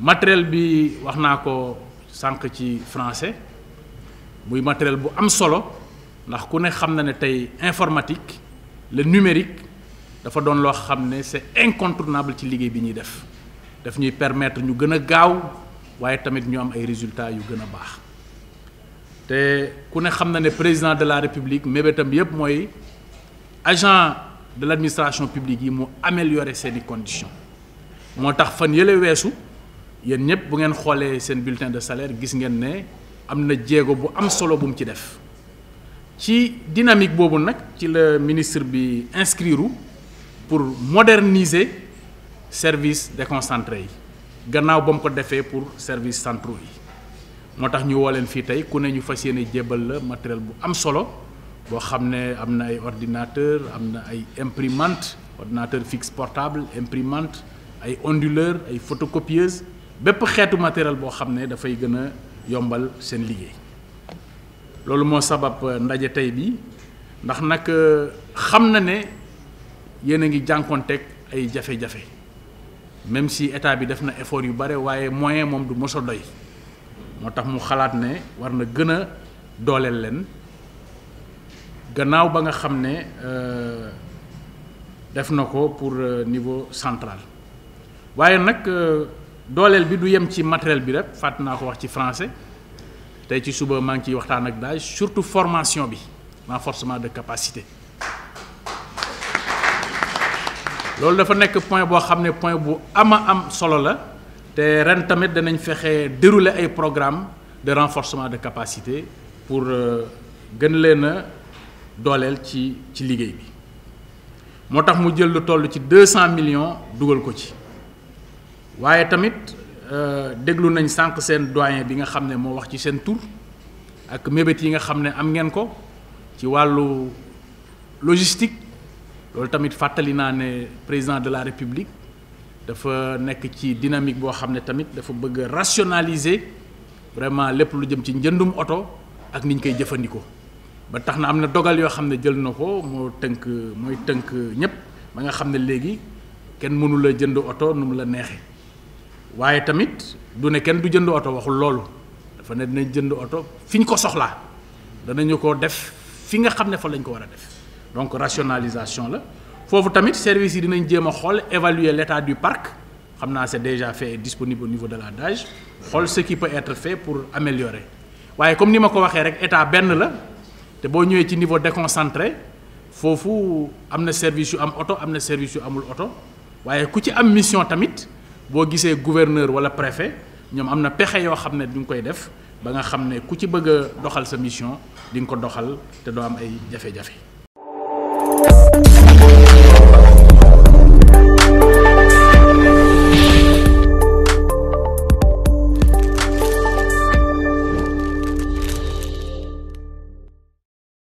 matériel bi waxna ko sank ci français muy matériel bu am solo ndax ku ne ne tay informatique le numérique dafa don lo xamne c'est incontournable ci liggéey bi ñuy def daf ñuy permettre ñu gëna a gaaw waaye tamit ñu am ay résultats yu gëna a baax te ku ne xam ne président de la république mébétam yépp moy agent de l'administration publique yi mo améliorer seeni conditions motax fan yele weesu yéen ñep bu ngeen xolé seen bulletin de salaire gis ngeen ne amna na jéego bu am solo bu mu ci def ci dynamique bobu nak ci le ministre bi inscrire pour moderniser service déconcentré yi gannaaw bam ko defee pour service centraux yi motax ñu wo leen fi tay ku ne ñu fas jébal la matériel bu am solo bo xamné amna ay ordinateur amna ay imprimante ordinateur fixe portable imprimante ay onduleur ay photocopieuse bépp xeetu matériel boo xam ne dafay gën a yombal seen liggéey loolu moo sabab euh, ndaje tey bi ndax nag euh, xam na ne yéen a ngi jànkoonteeg ay jafe-jafe même si état bi def na effort yu bare waaye moyen moom du mos a doy moo tax mu xalaat ne war na gën a dooleel leen gannaaw ba nga xam ne euh, def na ko pour niveau central waaye nag. dolel bi du yem ci matériel bi rek fat na ko wax ci français tey ci suba mang ci waxtan ak daaj surtout formation bi renforcement de capacité lolou dafa nek point bo xamné point bu ama am solo la té ren tamit danañ fexé dérouler ay programme de renforcement de capacité pour euh, gën leena dolel ci ci liggéey bi motax mu jël lu toll ci 200 millions dougal ko ci waye tamit euh deglu nañ sank sen doyen bi nga xamné mo wax ci sen tour ak mébét yi nga xamné am ngeen ko ci walu logistique lol tamit fatali na né président de la république dafa nek ci dynamique bo xamné tamit dafa bëgg rationaliser vraiment lepp lu jëm ci ñëndum auto ak niñ koy jëfëndiko ba taxna amna dogal yo xamné jël na ko moo tënk mooy tënk ñépp ba nga xamné légui léegi kenn mënu la jënd oto nu la nexé waaye tamit du ne kenn du jënd oto waxul loolu dafa ne dinañ jënd oto fiñ ñu ko soxlaa danañu ko def fi nga xam ne fa lañ ko war a def donc rationalisation la foofu tamit service yi dinañ jéem a xool évaluer l'état du parc xam naa c'est déjà fait disponible au niveau de la DAGE xool ce qui peut être fait pour améliorer waaye comme ni ma ko waxee rek état benn la te boo ñëwee ci niveau déconcentré foofu am na service yu am oto am na service yu amul oto waaye ku ci am mission tamit boo gisee gouverneur wala préfet ñoom am na pexe yoo xam ne du nga koy def ba nga xam ne ku ci bëgg a doxal sa mission di nga ko doxal te doo am ay jafe-jafe